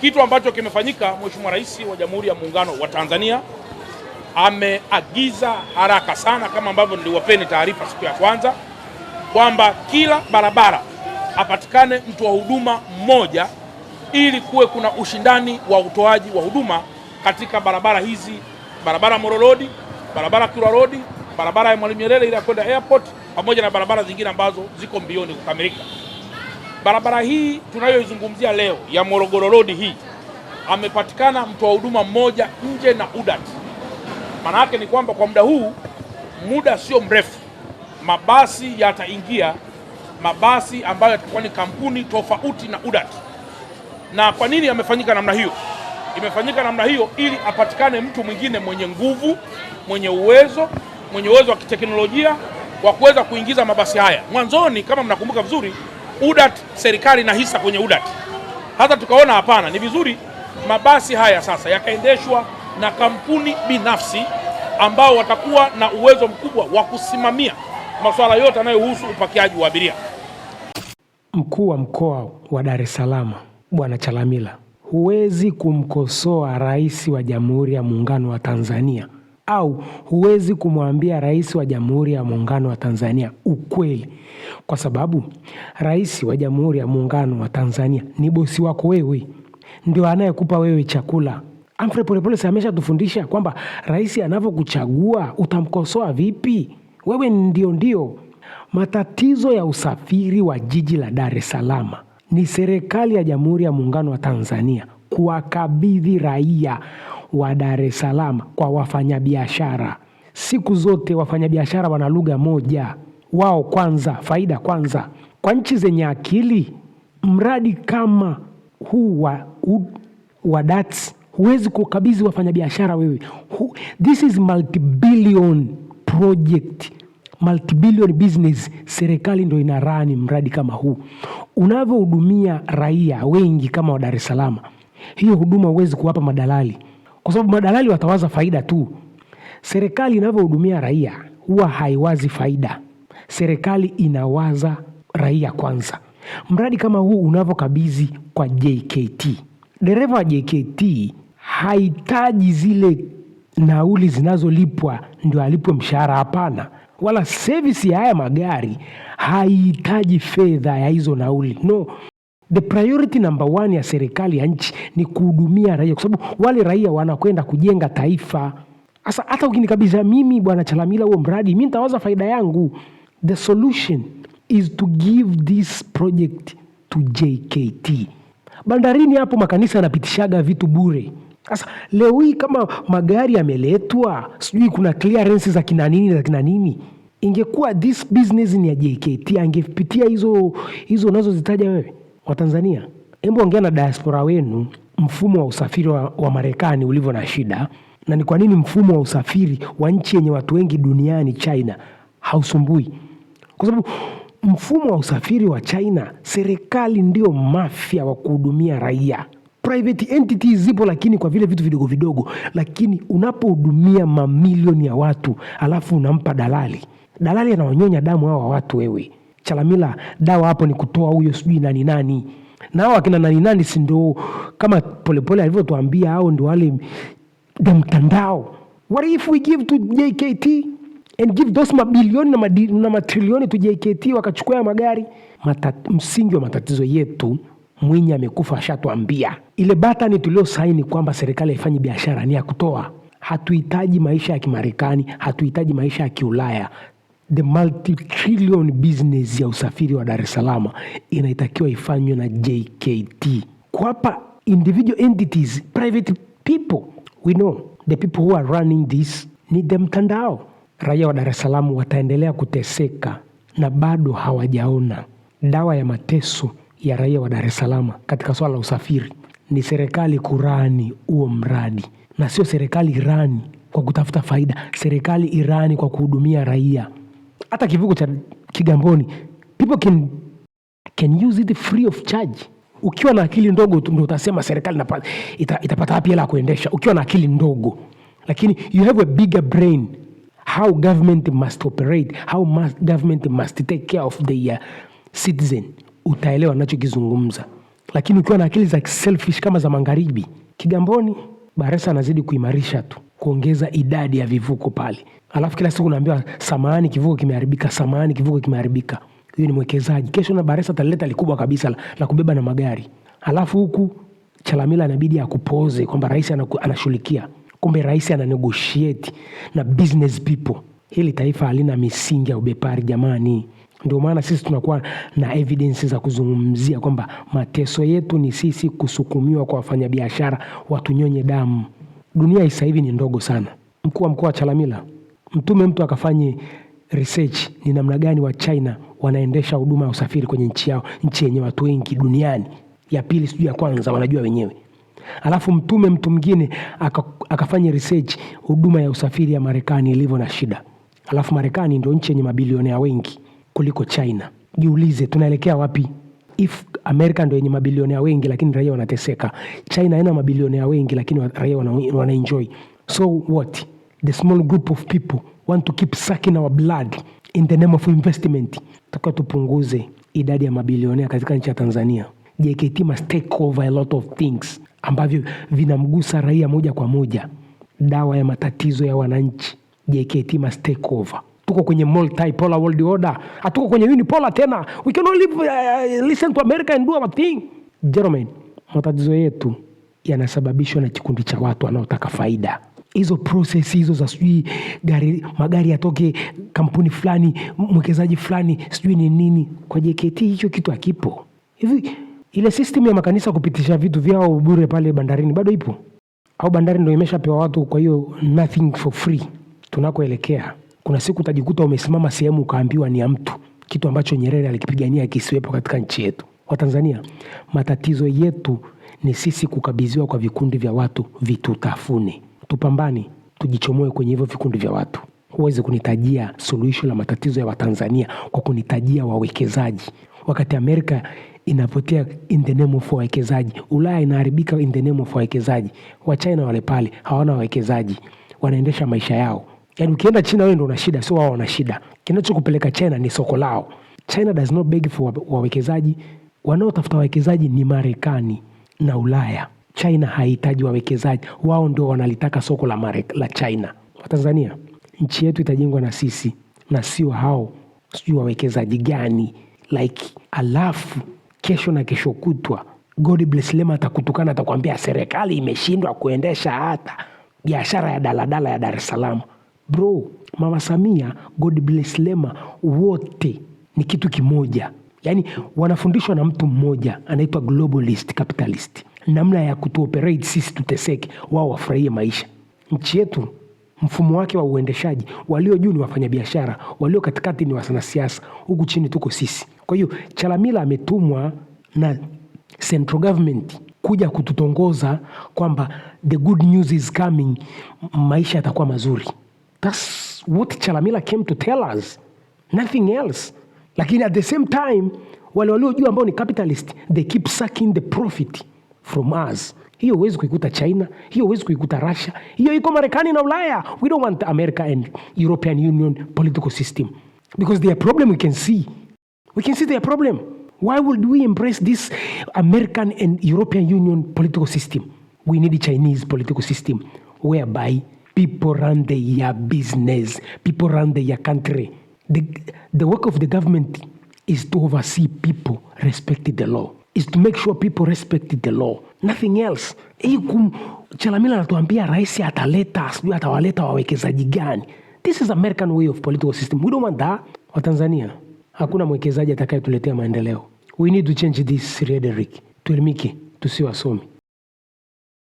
kitu ambacho kimefanyika, Mheshimiwa Rais wa Jamhuri ya Muungano wa Tanzania ameagiza haraka sana, kama ambavyo niliwapeni taarifa siku ya kwanza, kwamba kila barabara apatikane mtu wa huduma mmoja ili kuwe kuna ushindani wa utoaji wa huduma katika barabara hizi, barabara Moro barabara Kilwa Road, barabara ya Mwalimu Nyerere ile ya kwenda airport, pamoja na barabara zingine ambazo ziko mbioni kukamilika. Barabara hii tunayoizungumzia leo ya Morogoro Road hii amepatikana wa huduma mmoja nje na udat Maana yake ni kwamba kwa muda huu, muda sio mrefu, mabasi yataingia, mabasi ambayo yatakuwa ni kampuni tofauti na udat Na kwa nini yamefanyika namna hiyo? Imefanyika namna hiyo ili apatikane mtu mwingine mwenye nguvu, mwenye uwezo, mwenye uwezo wa kiteknolojia wa kuweza kuingiza mabasi haya. Mwanzoni, kama mnakumbuka vizuri UDAT serikali na hisa kwenye UDAT, hata tukaona hapana, ni vizuri mabasi haya sasa yakaendeshwa na kampuni binafsi ambao watakuwa na uwezo mkubwa wa kusimamia masuala yote yanayohusu upakiaji wa abiria. Mkuu wa mkoa wa Dar es Salaam Bwana Chalamila, huwezi kumkosoa rais wa Jamhuri ya Muungano wa Tanzania au huwezi kumwambia rais wa Jamhuri ya Muungano wa Tanzania ukweli, kwa sababu rais wa Jamhuri ya Muungano wa Tanzania ni bosi wako wewe, ndio anayekupa wewe chakula. Humphrey Polepole ameshatufundisha kwamba rais anavyokuchagua utamkosoa vipi? Wewe ndio ndio. Matatizo ya usafiri wa jiji la Dar es Salaam ni serikali ya Jamhuri ya Muungano wa Tanzania kuwakabidhi raia wa Dar es Salaam kwa wafanyabiashara. Siku zote wafanyabiashara wana lugha moja, wao kwanza, faida kwanza. Kwa nchi zenye akili, mradi kama huu wa, wa DATS huwezi kukabidhi wafanyabiashara wewe. This is multibillion project, multibillion business. Serikali ndo inarani mradi kama huu, unavyohudumia raia wengi kama wa Dar es Salaam, hiyo huduma huwezi kuwapa madalali kwa sababu madalali watawaza faida tu. Serikali inavyohudumia raia huwa haiwazi faida, serikali inawaza raia kwanza. Mradi kama huu unavyokabidhi kwa JKT, dereva wa JKT hahitaji zile nauli zinazolipwa ndio alipwe mshahara. Hapana, wala sevisi ya haya magari haihitaji fedha ya hizo nauli, no the priority number one ya serikali ya nchi ni kuhudumia raia, kwa sababu wale raia wanakwenda kujenga taifa. Sasa hata ukinikabidhi mimi bwana Chalamila huo mradi, mimi nitawaza faida yangu. The solution is to give this project to JKT. Bandarini hapo makanisa yanapitishaga vitu bure. Sasa leo hii kama magari yameletwa, sijui kuna clearance za kina nini za kina nini ingekuwa this business ni ya JKT, angepitia hizo hizo unazozitaja wewe. Watanzania, hebu ongea na diaspora wenu mfumo wa usafiri wa, wa Marekani ulivyo na shida, na ni kwa nini mfumo wa usafiri wa nchi yenye watu wengi duniani China hausumbui? Kwa sababu mfumo wa usafiri wa China, serikali ndio mafia wa kuhudumia raia. Private entities zipo, lakini kwa vile vitu vidogo vidogo, lakini unapohudumia mamilioni ya watu alafu unampa dalali, dalali anawanyonya damu hao wa watu wewe Chalamila, dawa hapo ni kutoa huyo sijui nani nani na hao akina nani nani, si ndio? Kama Polepole alivyotuambia hao ndio wale the mtandao. What if we give to JKT and give those mabilioni na matrilioni to JKT, wakachukua magari Mata, msingi wa matatizo yetu Mwinyi amekufa, ashatuambia ile batani tuliosaini kwamba serikali haifanyi biashara ni ya kutoa. Hatuhitaji maisha ya Kimarekani, hatuhitaji maisha ya Kiulaya the multi-trillion business ya usafiri wa Dar es Salaam inaitakiwa ifanywe na JKT kuwapa individual entities, private people. We know the people who are running this ni the mtandao. Raia wa Dar es Salaam wataendelea kuteseka na bado hawajaona dawa ya mateso ya raia wa Dar es Salaam katika swala la usafiri. Ni serikali kurani huo mradi na sio serikali irani kwa kutafuta faida, serikali irani kwa kuhudumia raia hata kivuko cha Kigamboni people can, can use it free of charge. Ukiwa na akili ndogo tu ndio utasema serikali ita, itapata wapi hela ya kuendesha, ukiwa na akili ndogo, lakini you have a bigger brain how government must operate how must government must take care of the uh, citizen, utaelewa nachokizungumza. Lakini ukiwa na akili za selfish kama za magharibi, Kigamboni Baresa anazidi kuimarisha tu, kuongeza idadi ya vivuko pale, alafu kila siku naambiwa samani, kivuko kimeharibika, samani, kivuko kimeharibika. hiyo ni mwekezaji. Kesho na Baresa ataleta likubwa kabisa la, la kubeba na magari, alafu huku Chalamila anabidi akupoze kwamba rais anashughulikia, kumbe rais negotiate na business people. Hili taifa halina misingi ya ubepari jamani. Ndio maana sisi tunakuwa na evidence za kuzungumzia kwamba mateso yetu ni sisi kusukumiwa kwa wafanyabiashara watunyonye damu. Dunia sasa hivi ni ndogo sana. Mkuu wa mkoa wa Chalamila, mtume mtu akafanye research ni namna gani wa China wanaendesha huduma ya usafiri kwenye nchi yao, nchi yenye watu wengi duniani, ya pili sijui ya kwanza, wanajua wenyewe. Alafu mtume mtu mwingine akafanya research huduma ya usafiri ya Marekani ilivyo na shida. Alafu Marekani ndio nchi yenye mabilionea wengi kuliko China. Jiulize tunaelekea wapi? If Amerika ndo yenye mabilionea wengi lakini raia wanateseka, China haina mabilionea wengi lakini raia wanaenjoy. wana So what the small group of people want to keep sucking our blood in the name of investment. takiwa tupunguze idadi ya mabilionea katika nchi ya Tanzania. JKT must take over a lot of things ambavyo vinamgusa raia moja kwa moja, dawa ya matatizo ya wananchi. JKT must take over. Tuko kwenye multipolar world order, hatuko kwenye unipolar tena. We cannot live, uh, listen to America and do our thing. Gentlemen, matatizo yetu yanasababishwa na kikundi cha watu wanaotaka faida hizo prosesi hizo za sijui gari magari yatoke kampuni fulani mwekezaji fulani sijui ni nini. Kwa JKT hicho kitu hakipo. Hivi ile system ya makanisa kupitisha vitu vyao bure pale bandarini bado ipo au bandari ndio imeshapewa watu? Kwa hiyo nothing for free tunakoelekea kuna siku utajikuta umesimama sehemu ukaambiwa ni ya mtu, kitu ambacho Nyerere alikipigania kisiwepo katika nchi yetu. Watanzania, matatizo yetu ni sisi kukabidhiwa kwa vikundi vya watu vitutafune. Tupambane, tujichomoe kwenye hivyo vikundi vya watu. Huwezi kunitajia suluhisho la matatizo ya Watanzania kwa kunitajia wawekezaji, wakati Amerika inapotea in the name of wawekezaji, Ulaya inaharibika in the name of wawekezaji. Wachina wale pale hawana wawekezaji, wanaendesha maisha yao. Yaani ukienda China wewe ndio una shida, sio wao wana shida. Kinachokupeleka China ni soko lao. China does not beg for wawekezaji. Wanaotafuta wawekezaji ni Marekani na Ulaya. China hahitaji wawekezaji, wao ndio wanalitaka soko la Marek, la China. Watanzania, nchi yetu itajengwa na sisi na sio hao, sijui wawekezaji gani like. Alafu kesho na kesho kutwa God bless Lema atakutukana, atakwambia serikali imeshindwa kuendesha hata biashara ya daladala ya Dar es Salaam bro, Mama Samia, God bless Lema, wote ni kitu kimoja. Yaani wanafundishwa na mtu mmoja anaitwa globalist capitalist, namna ya kutuoperate sisi tuteseke, wao wafurahie maisha. Nchi yetu mfumo wake wa uendeshaji, walio juu ni wafanyabiashara, walio katikati ni wanasiasa, huku chini tuko sisi. Kwa hiyo Chalamila ametumwa na central government kuja kututongoza kwamba the good news is coming, maisha yatakuwa mazuri. That's what Chalamila came to tell us, nothing else. Lakini at the same time wale walio ambao ni capitalist they keep sucking the profit from us. Hiyo huwezi kuikuta China, hiyo huwezi kuikuta Russia, hiyo iko Marekani na Ulaya. We don't want America and European Union political system because their problem we can see, we can see their problem. Why would we embrace this American and European Union political system? We need a Chinese political system whereby people run their business, people run their country. The, the work of the government is to oversee people respect the law, is to make sure people respect the law, nothing else. Chalamila natuambia raisi ataleta sijui atawaleta wawekezaji gani. This is American way of political system. We don't want that. hakuna mwekezaji atakayetuletea maendeleo. We need to change this rhetoric. Tuelimike, tusiwasomi.